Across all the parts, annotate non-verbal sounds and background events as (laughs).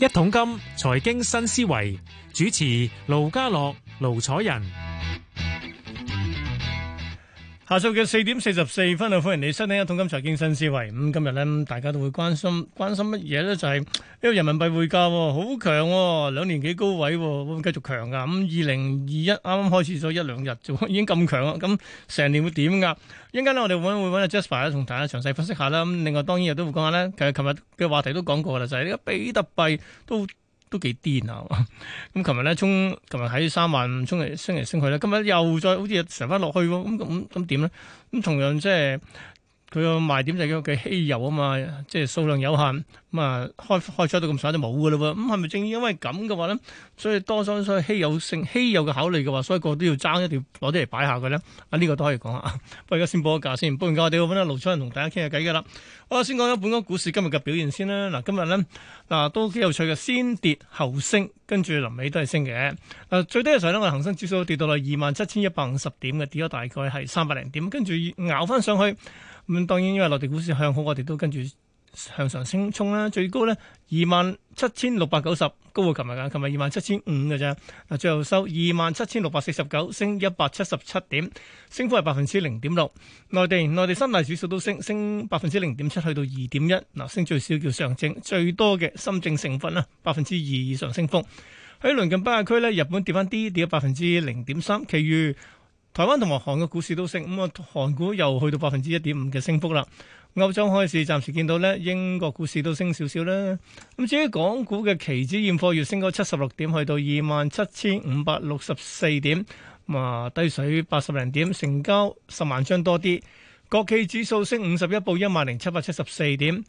一桶金財經新思維主持盧家樂、盧楚仁。下晝嘅四點四十四分啊，歡迎你收聽一《一桶金財經新思維》嗯。咁今日咧，大家都會關心關心乜嘢咧？就係呢個人民幣匯價好、哦、強、哦，兩年幾高位、哦，會唔會繼續強噶？咁二零二一啱啱開始咗一兩日，就已經咁強啦。咁、嗯、成年會點噶？一陣間咧，我哋會會揾阿 Jasper 同大家詳細分析下啦。咁、嗯、另外，當然亦都會講下咧。其實琴日嘅話題都講過啦，就係呢個比特幣都。都幾癲啊！咁琴日咧衝，琴日喺三萬五衝嚟升嚟升去咧，今日又再好似又成翻落去喎！咁咁咁點咧？咁、嗯嗯嗯嗯嗯、同樣即、就、係、係。佢個賣點就叫佢稀有啊嘛，即係數量有限，咁、嗯、啊開開咗都咁少，就冇噶啦喎。咁係咪正因為咁嘅話咧，所以多數所以稀有性、稀有嘅考慮嘅話，所以個個都要爭一啲，攞啲嚟擺下佢咧。啊，呢、這個都可以講下。不過而家先報個價先，報完價我哋會搵盧楚仁同大家傾下偈嘅啦。我先講一本港股市今日嘅表現先啦。嗱，今日咧嗱都幾有趣嘅，先跌後升，跟住臨尾都係升嘅。最低嘅時候咧，我恒生指數跌到嚟二萬七千一百五十點嘅，跌咗大概係三百零點，跟住咬翻上去。咁當然因為內地股市向好，我哋都跟住向上升衝啦。最高呢，二萬七千六百九十，高過琴日噶。琴日二萬七千五嘅咋？嗱，最後收二萬七千六百四十九，27, 49，升一百七十七點，升幅係百分之零點六。內地內地三大指數都升，升百分之零點七，去到二點一。嗱，升最少叫上證，最多嘅深證成分啦，百分之二以上升幅。喺鄰近北亞區呢，日本跌翻啲，跌咗百分之零點三，其餘，台灣同埋韓國股市都升，咁、嗯、啊，韓股又去到百分之一點五嘅升幅啦。歐洲開市暫時見到咧，英國股市都升少少啦。咁、嗯、至於港股嘅期指現貨月升咗七十六點，去到二萬七千五百六十四點，啊低水八十零點，成交十萬張多啲。國企指數升五十一，報一萬零七百七十四點。咁、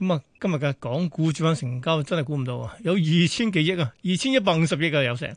嗯、啊、嗯，今日嘅港股主板成交真係估唔到 2, 啊, 2, 啊，有二千幾億啊，二千一百五十億啊，有成。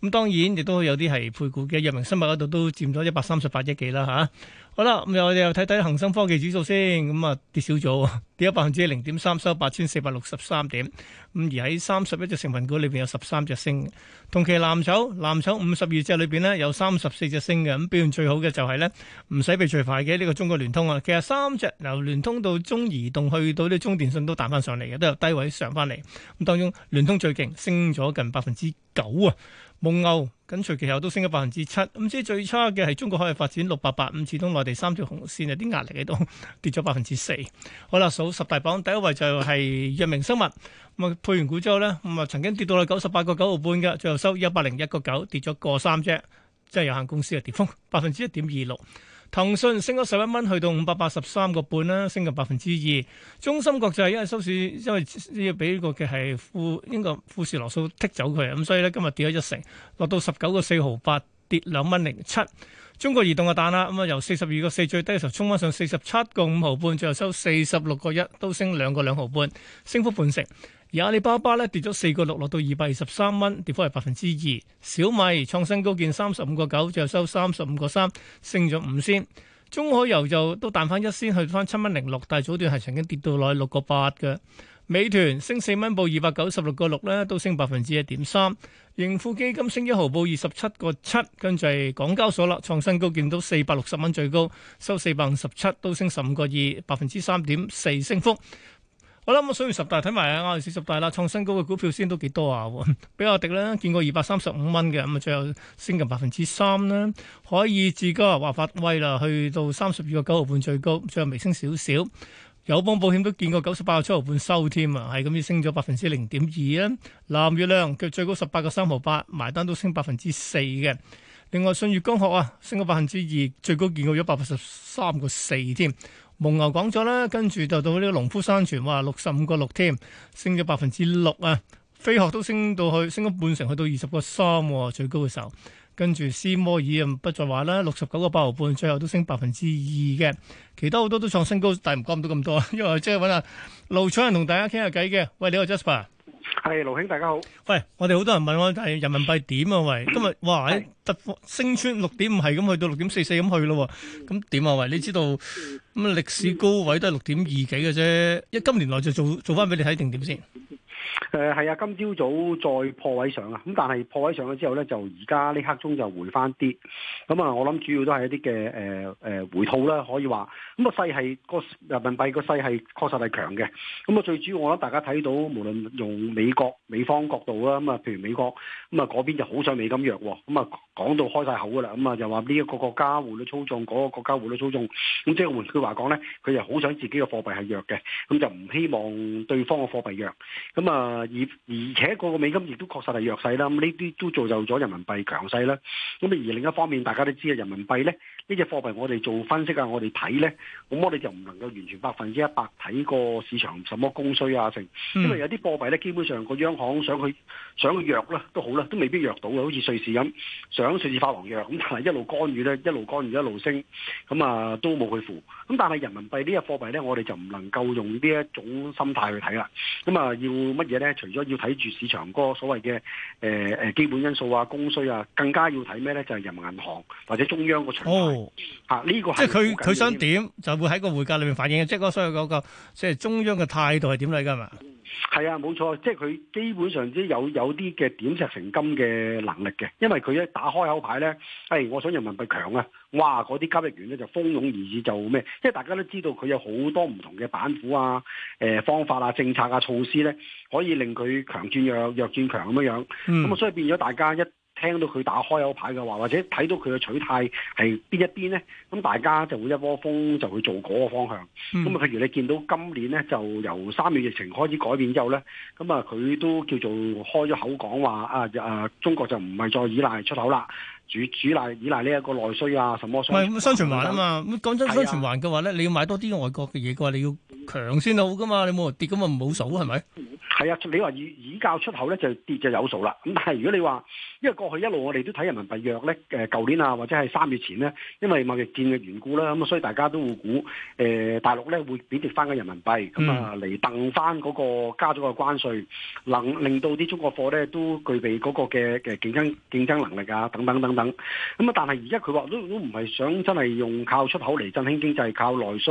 咁當然亦都有啲係配股嘅，藥明生物嗰度都佔咗一百三十八億幾啦嚇。好啦，咁我哋又睇睇恒生科技指數先，咁、嗯、啊跌少咗，跌咗百分之零點三，收八千四百六十三點。咁、嗯、而喺三十一隻成分股裏邊有十三隻升，同期藍籌藍籌五十二隻裏邊呢，有三十四隻升嘅。咁表現最好嘅就係、是、呢，唔使被除牌嘅呢個中國聯通啊。其實三隻由聯通到中移動去到啲中電信都彈翻上嚟嘅，都由低位上翻嚟。咁、嗯、當中聯通最勁，升咗近百分之。九啊，蒙牛緊隨其後都升咗百分之七，咁唔知最差嘅係中國海外發展六八八，唔似到內地三條紅線有啲壓力喺度，跌咗百分之四。好啦，數十大榜第一位就係藥明生物，咁啊配完股之後咧，咁啊曾經跌到啦九十八個九毫半嘅，最後收一百零一個九，跌咗個三啫，即係有限公司嘅跌幅百分之一點二六。騰訊升咗十一蚊，去到五百八十三個半啦，升緊百分之二。中芯國際因為收市因為要俾個嘅係富英國富時羅素剔走佢，咁所以咧今日跌咗一成，落到十九個四毫八，跌兩蚊零七。中國移動嘅蛋啦，咁啊由四十二個四最低，嘅時候，衝翻上四十七個五毫半，最後收四十六個一，都升兩個兩毫半，升幅半成。而阿里巴巴咧跌咗四個六，落到二百二十三蚊，跌幅係百分之二。小米創新高見三十五個九，最後收三十五個三，升咗五仙。中海油就都彈翻一仙，去翻七蚊零六，但係早段係曾經跌到落去六個八嘅。美團升四蚊報二百九十六個六咧，6. 6, 都升百分之一點三。盈富基金升一毫報二十七個七，跟住係港交所啦，創新高見到四百六十蚊最高，收四百五十七，都升十五個二，百分之三點四升幅。好啦，咁所以十大睇埋啊，我哋四十大啦，創新高嘅股票先都幾多啊？比亞迪咧，見過二百三十五蚊嘅，咁啊，最後升近百分之三啦。海爾智家話發威啦，去到三十二個九毫半最高，最後微升少少。友邦保險都見過九十八個七毫半收添啊，係咁樣升咗百分之零點二啊。藍月亮佢最高十八個三毫八，埋單都升百分之四嘅。另外，舜宇光學啊，升咗百分之二，最高見過咗一百八十三個四添。蒙牛講咗啦，跟住就到呢個農夫山泉，話六十五個六添，升咗百分之六啊！飛鶴都升到去，升咗半成，去到二十個三最高嘅時候。跟住斯摩爾又不再話啦，六十九個八毫半，最後都升百分之二嘅。其他好多都創新高，但係唔講咁多咁多，因為即係揾下盧楚仁同大家傾下偈嘅。喂，你好 Jasper。係，盧兄，大家好。喂，我哋好多人問我，就係人民幣點啊？喂，今日哇，喺突破升穿六點五，係咁去到六點四四咁去咯。咁點啊？喂，你知道咁歷史高位都係六點二幾嘅啫。一今年來就做做翻俾你睇定點先。誒，係、嗯、啊，今朝早再破位上啊，咁但係破位上咗之後咧，就而家呢刻鐘就回翻啲，咁、嗯、啊，我諗主要都係一啲嘅、誒誒回吐啦，可以話，咁個勢係個人民幣個勢係確實係強嘅，咁、嗯、啊，最主要我諗大家睇到，無論用美國美方角度啦，咁、嗯、啊，譬如美國咁啊，嗰、嗯、邊就好想美金弱，咁、嗯、啊，講到開晒口噶啦，咁、嗯、啊，又話呢一個國家匯率操縱，嗰、那個國家匯率操縱，咁、嗯、即係換句話講咧，佢就好想自己嘅貨幣係弱嘅，咁、嗯、就唔希望對方嘅貨幣弱，咁、嗯、啊。嗯啊！而而且個美金亦都確實係弱勢啦，咁呢啲都造就咗人民幣強勢啦。咁而另一方面，大家都知啊，人民幣呢，呢隻貨幣我哋做分析啊，我哋睇呢，咁我哋就唔能夠完全百分之一百睇個市場什麼供需啊，剩因為有啲貨幣呢，基本上個央行想佢想弱咧都好啦，都未必弱到嘅，好似瑞士咁，想瑞士法郎弱咁，但係一路干預呢，一路干預一路升，咁啊都冇佢符。咁但係人民幣呢隻貨幣呢，我哋就唔能夠用呢一種心態去睇啦。咁啊要乜嘢呢？除咗要睇住市場個所謂嘅誒誒基本因素啊供需啊，更加要睇咩呢？就係人民銀行或者中央個啊！呢、這個即係佢佢想點，就會喺個匯價裏面反映。即係所有個，即係中央嘅態度係點嚟㗎嘛？係啊，冇、這個啊、錯。即係佢基本上即有有啲嘅點石成金嘅能力嘅。因為佢一打開口牌咧，誒、哎，我想人民幣強啊，哇！嗰啲交易員咧就蜂擁而至，就咩？因為大家都知道佢有好多唔同嘅板斧啊、誒、呃、方法啊、政策啊、措施咧，可以令佢強轉弱，弱轉強咁樣樣。咁啊、嗯，所以變咗大家一。聽到佢打開口牌嘅話，或者睇到佢嘅取態係邊一邊呢？咁大家就會一窩蜂就去做嗰個方向。咁啊、嗯，譬如你見到今年呢，就由三月疫情開始改變之後呢，咁啊，佢都叫做開咗口講話啊啊，中國就唔係再依賴出口啦。主主賴倚賴呢一個內需啊，什麼、啊？唔係，雙循環啊嘛。咁講真，啊、雙循環嘅話咧，你要買多啲外國嘅嘢嘅話，你要強先好噶嘛。你冇落跌噶嘛，唔好數係咪？係啊，你話以倚靠出口咧，就跌就有數啦。咁但係如果你話，因為過去一路我哋都睇人民幣弱咧，誒舊年啊，或者係三月前咧，因為貿易戰嘅緣故啦，咁所以大家都會估誒、呃、大陸咧會貶跌翻個人民幣，咁啊嚟掟翻嗰個加咗個關稅，能令到啲中國貨咧都具備嗰個嘅嘅競爭競爭能力啊，等等等等。咁啊，但係而家佢話都都唔係想真係用靠出口嚟振興經濟，靠內需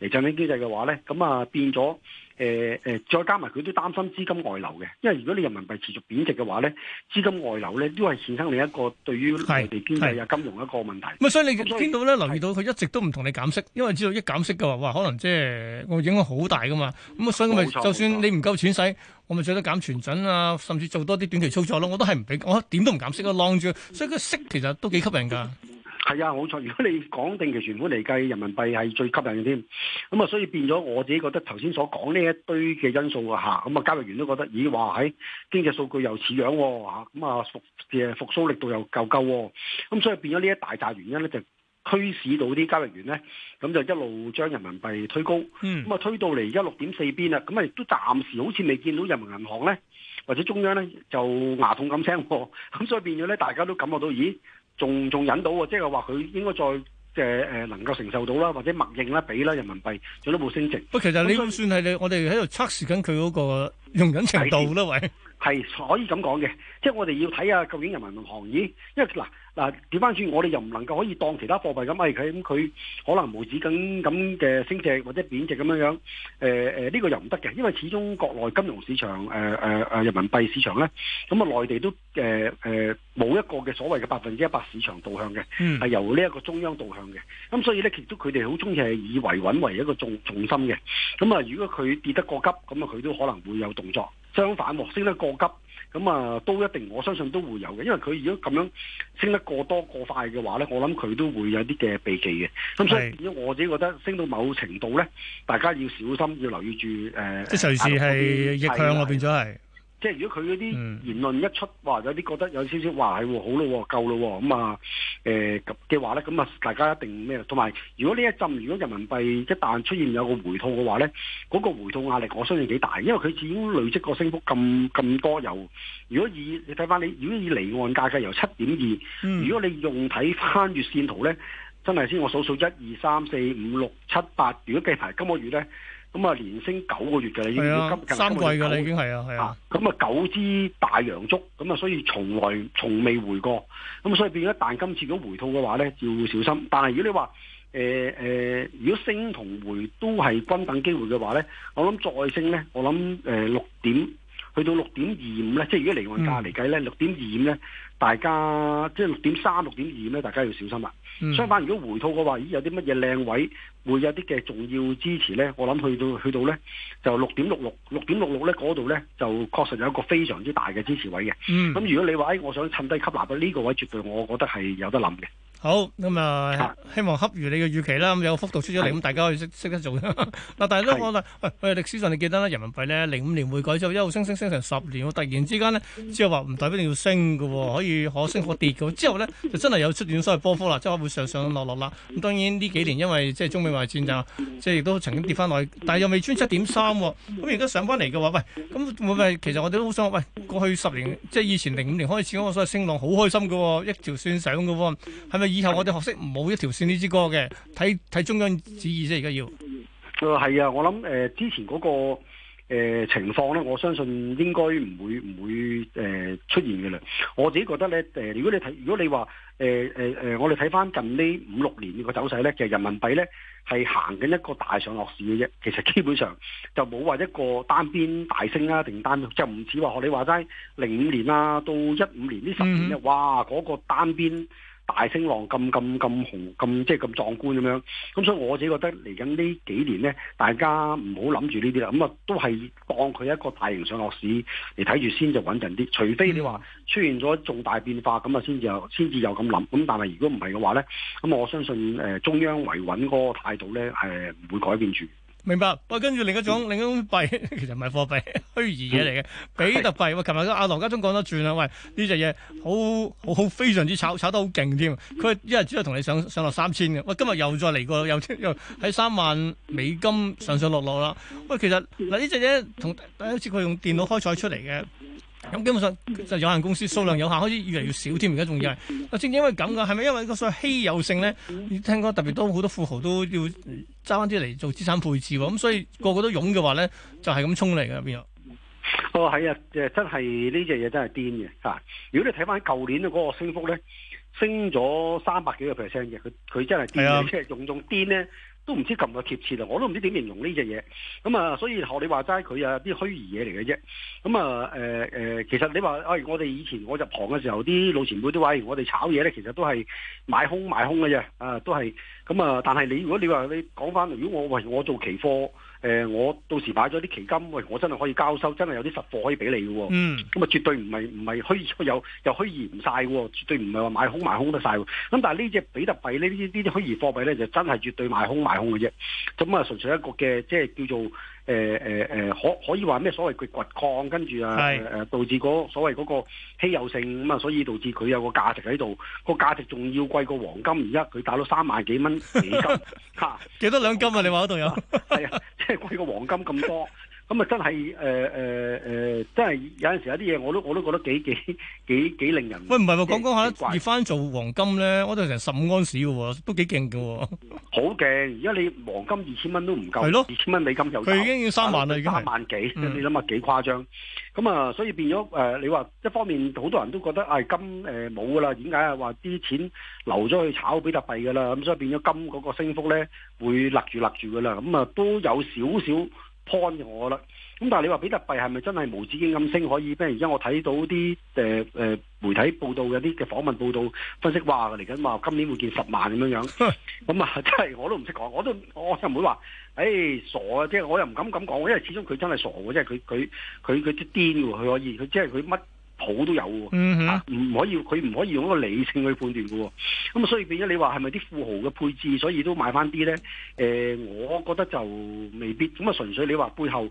嚟振興經濟嘅話咧，咁啊變咗。誒誒、呃，再加埋佢都擔心資金外流嘅，因為如果你人民幣持續貶值嘅話咧，資金外流咧都係衍生另一個對於內地經濟啊金融一個問題。咁所以你見到咧，(是)留意到佢一直都唔同你減息，因為知道一減息嘅話，哇，可能即係我影響好大㗎嘛。咁啊，所以咪就算你唔夠錢使，我咪最多減存準啊，甚至做多啲短期操作咯。我都係唔俾我點都唔減息啊，晾住，所以佢息其實都幾吸引㗎。係啊，冇錯！如果你講定期存款嚟計，人民幣係最吸引嘅添，咁啊，所以變咗我自己覺得頭先所講呢一堆嘅因素啊嚇，咁啊交易員都覺得，咦話喺經濟數據又似樣喎嚇，咁啊復嘅復甦力度又夠夠喎，咁所以變咗呢一大紮原因咧，就驅使到啲交易員咧，咁就一路將人民幣推高，嗯，咁啊推到嚟而家六點四邊啊。咁啊亦都暫時好似未見到人民銀行咧或者中央咧就牙痛咁聲，咁所以變咗咧大家都感覺到，咦？仲仲忍到，即係話佢應該再嘅誒、呃，能夠承受到啦，或者默認啦，俾啦人民幣，做多冇升值。不其實呢，咁算係你，我哋喺度測試緊佢嗰個容忍程度啦，喂。係可以咁講嘅，即係我哋要睇下究竟人民銀行咦？因為嗱嗱，點翻轉我哋又唔能夠可以當其他貨幣咁賣佢，咁佢可能無止境咁嘅升值或者貶值咁樣樣。誒、呃、誒，呢、呃這個又唔得嘅，因為始終國內金融市場誒誒誒人民幣市場咧，咁啊內地都誒誒冇一個嘅所謂嘅百分之一百市場導向嘅，係、嗯、由呢一個中央導向嘅。咁所以咧，其實都佢哋好鍾意係以維穩為一個重重心嘅。咁啊，如果佢跌得過急，咁啊佢都可能會有動作。相反，升得過急，咁、嗯、啊都一定我相信都會有嘅，因為佢如果咁樣升得過多過快嘅話咧，我諗佢都會有啲嘅避忌嘅。咁(是)所以我自己覺得升到某程度咧，大家要小心，要留意住誒。呃、即係隨時係逆向啊，變咗係。即係如果佢嗰啲言論一出，話有啲覺得有少少、哦哦哦呃、話係好咯，夠咯咁啊誒嘅話咧，咁啊大家一定咩？同埋如果呢一陣，如果人民幣一旦出現有個回吐嘅話咧，嗰、嗰個回吐壓力我相信幾大，因為佢已經累積個升幅咁咁多，由如果以你睇翻你，如果以離岸價格由七點二，如果你用睇翻月線圖咧，真係先我數數一二三四五六七八，如果計埋今個月咧？咁啊，連升九個月㗎啦，啊、已經接近三季㗎啦，已經係啊，係啊。咁啊，九支大陽燭，咁啊，所以從來從未回過。咁啊，所以變咗，但係今次如果回吐嘅話咧，要小心。但係如果你話誒誒，如果升同回都係均等機會嘅話咧，我諗再升咧，我諗誒六點去到六點二五咧，即係如果離岸價嚟計咧，六、嗯、點二五咧，大家即係六點三、六點二五咧，大家要小心啦。嗯、相反，如果回吐嘅話，咦，有啲乜嘢靚位？會有啲嘅重要支持呢。我諗去到去到呢，就六點六六六點六六呢嗰度呢，就確實有一個非常之大嘅支持位嘅。咁、mm. 如果你話誒，我想趁低吸納呢、呢個位，絕對我覺得係有得諗嘅。好咁啊、嗯，希望恰如你嘅預期啦。咁、嗯、有幅度出咗嚟，咁(的)大家可以識識得做。嗱 (laughs) (呢)，但係都我話喺歷史上你記得啦，人民幣咧零五年會改之後一路升升升成十年，突然之間呢，之後話唔代表你要升嘅、哦，可以可升可跌嘅、哦。之後呢，就真係有出現所謂波幅啦，即係會上上落落啦。咁當然呢幾年因為即係中美貿戰就即係亦都曾經跌翻落去，但係又未穿七點三。咁而家上翻嚟嘅話，喂咁我咪其實我哋都好想喂過去十年即係以前零五年開始嗰個所謂升浪，好開心嘅喎、哦，一條線上嘅喎、哦，係咪？以後我哋學識冇一條線呢支歌嘅，睇睇中央旨意啫。而家要，誒係啊，我諗誒、呃、之前嗰個誒、呃、情況咧，我相信應該唔會唔會誒、呃、出現嘅啦。我自己覺得咧，誒如果你睇，如果你話誒誒誒，我哋睇翻近呢五六年呢個走勢咧，其實人民幣咧係行緊一個大上落市嘅啫。其實基本上就冇話一個單邊大升啊，定單就唔似話學你話齋零五年啊到一五年呢十年咧，嗯、哇嗰個單邊。大升浪咁咁咁紅咁即係咁壯觀咁樣，咁、嗯、所以我自己覺得嚟緊呢幾年呢，大家唔好諗住呢啲啦，咁、嗯、啊都係當佢一個大型上落市嚟睇住先就穩陣啲，除非你話出現咗重大變化，咁啊先至有先至有咁諗，咁、嗯、但係如果唔係嘅話呢，咁我相信誒、呃、中央維穩嗰個態度呢，係、呃、唔會改變住。明白，喂，跟住另一種另一種幣，其實唔係貨幣，虛擬嘢嚟嘅，比特幣。喂，琴日阿羅家聰講得轉啦，喂，呢隻嘢好好好非常之炒，炒得好勁添。佢一日只係同你上上落三千嘅，喂，今日又再嚟過，又又喺三萬美金上上落落啦。喂，其實嗱，呃，呢隻嘢同第一次佢用電腦開採出嚟嘅。咁基本上就有限公司數量有限，開始越嚟越少添，而家仲要係，正正因為咁噶，係咪因為個所謂稀有性咧？聽講特別多好多富豪都要揸翻啲嚟做資產配置喎，咁所以個個都擁嘅話咧，就係咁衝嚟嘅，邊有？哦，係啊，誒真係呢隻嘢真係癲嘅嚇！如果你睇翻舊年嗰個升幅咧，升咗三百幾個 percent 嘅，佢佢真係即係用用癲咧。都唔知咁個貼切啊！我都唔知點形容呢隻嘢，咁啊，所以學你話齋，佢啊啲虛擬嘢嚟嘅啫。咁啊，誒、呃、誒、呃，其實你話啊、哎，我哋以前我入行嘅時候，啲老前輩都話、哎，我哋炒嘢咧，其實都係買空賣空嘅啫，啊，都係。咁啊！嗯、但係你如果你話你講翻嚟，如果我喂，我做期貨，誒、呃、我到時買咗啲期金，喂、呃、我真係可以交收，真係有啲實貨可以俾你嘅、哦。咁啊、嗯哦，絕對唔係唔係虛虛有，有虛擬唔晒喎，絕對唔係話買空賣空得晒喎。咁但係呢隻比特幣呢啲呢啲虛擬貨幣咧，就真係絕對買空賣空嘅啫。咁啊，純粹一個嘅即係叫做。誒誒誒，可可以話咩所謂佢掘礦，跟住啊誒(是)、呃、導致嗰、那個、所謂個稀有性，咁、嗯、啊所以導致佢有個價值喺度，個價值仲要貴過黃金而家，佢打到三萬幾蚊幾金，吓幾 (laughs)、啊、多兩金啊？你話嗰度有，係啊，即係貴過黃金咁多。(laughs) 咁啊，真係誒誒誒，真係有陣時有啲嘢我都我都覺得幾幾幾幾令人。喂，唔係話講講下，跌翻做黃金咧，我睇成十五安士嘅喎，都幾勁嘅喎。好勁！而家你黃金二千蚊都唔夠，係咯，二千蚊美金就佢已經要三萬啦，已經三萬幾，你諗下幾誇張？咁啊，所以變咗誒，你話一方面好多人都覺得啊，金誒冇嘅啦，點解啊？話啲錢流咗去炒比特幣嘅啦，咁所以變咗金嗰個升幅咧會勒住勒住嘅啦。咁啊，都有少少。判我啦！咁但係你話比特幣係咪真係無止境咁升可以？比如而家我睇到啲誒誒媒體報道有啲嘅訪問報道分析話嚟緊話今年會見十萬咁樣樣，咁啊真係我都唔識講，我都我又唔會話，誒、哎、傻啊！即、就、係、是、我又唔敢咁講，因為始終佢真係傻喎、啊，即係佢佢佢佢啲癲喎，佢可以佢即係佢乜。好都有喎，唔可以佢唔可以用一個理性去判斷嘅喎，咁啊所以變咗你話係咪啲富豪嘅配置，所以都買返啲咧，誒，我覺得就未必，咁啊純粹你話背後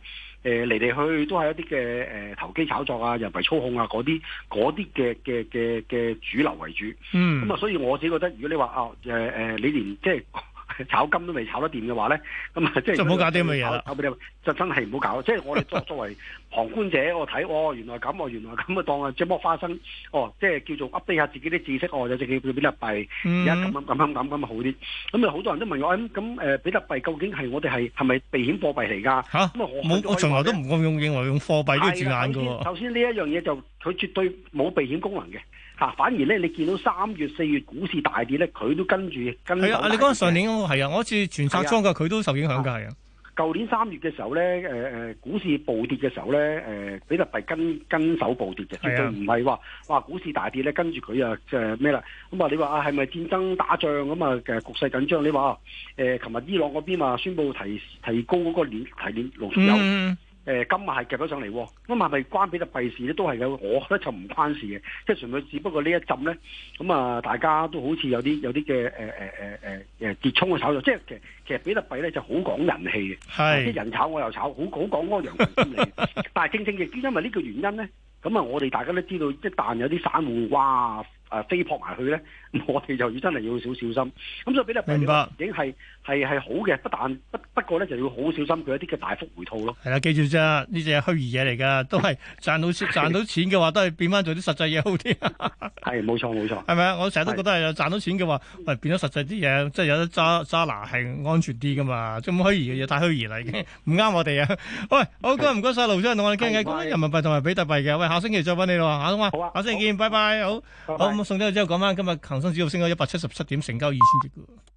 誒嚟嚟去都係一啲嘅誒投機炒作啊、人為操控啊嗰啲啲嘅嘅嘅嘅主流為主，咁啊所以我自己覺得如果你話啊誒誒，你連即係。炒金都未炒得掂嘅話咧，咁啊即係，就唔好搞啲咁嘅嘢啦。就真係唔好搞。即係我哋作作為旁觀者，(laughs) 我睇哦，原來咁，我原來咁嘅當啊，即係剝花生。哦，即係叫做 update 下自己啲知識。哦，就直、是、接叫比特幣。而家咁咁啱咁咁好啲。咁啊好多人都問我，咁、欸、咁、嗯、比特幣究竟係我哋係係咪避險貨幣嚟㗎？嚇(蛤)！咁啊我冇，我從來都唔咁用，認為用貨幣呢個字眼㗎喎。首先呢一樣嘢就佢絕對冇避險功能嘅。<笑><笑>啊！反而咧，你見到三月四月股市大跌咧，佢都跟住跟。係啊，你講上年嗰係啊，我好似全殺莊嘅，佢、啊、都受影響㗎，係啊。舊年三月嘅時候咧，誒、呃、誒，股市暴跌嘅時候咧，誒、呃，比特幣跟跟手暴跌嘅，絕對唔係話哇股市大跌咧，跟住佢啊即係咩啦？咁啊，你話啊係咪戰爭打仗咁啊嘅局勢緊張？你話誒，琴、呃、日伊朗嗰邊啊，宣布提提高嗰個煉提煉濃縮誒今日係夾咗上嚟，咁啊係咪關比特幣事咧？都係有？我覺得就唔關事嘅，即係純粹，只不過一呢一浸咧，咁、嗯、啊大家都好似有啲有啲嘅誒誒誒誒誒跌衝嘅炒作，即係其實其實比特幣咧就好講人氣嘅，即係(是)人炒我又炒，好好講羊群心理 (laughs) 但係正正亦都因為呢個原因咧，咁啊我哋大家都知道，一旦有啲散戶哇～誒飛撲埋去咧，我哋就要真係要少小心。咁所以比特幣嘅環境係係係好嘅，不但不不過咧就要好小心佢一啲嘅大幅回吐咯。係啦，記住啫，呢只係虛擬嘢嚟㗎，都係賺到賺到錢嘅話，都係變翻做啲實際嘢好啲。係冇錯冇錯。係咪啊？我成日都覺得係賺到錢嘅話，喂變咗實際啲嘢，即係有得揸揸拿係安全啲㗎嘛。咁虛擬嘅嘢太虛擬啦，已經唔啱我哋啊。喂，好唔該唔該曬，盧先生同我哋傾偈，講緊人民幣同埋比特幣嘅。喂，下星期再揾你啦喎，好啊，下星期見，拜拜，好。咁送咗之後，講翻今日恒生指數升咗一百七十七點，成交二千隻億。(noise)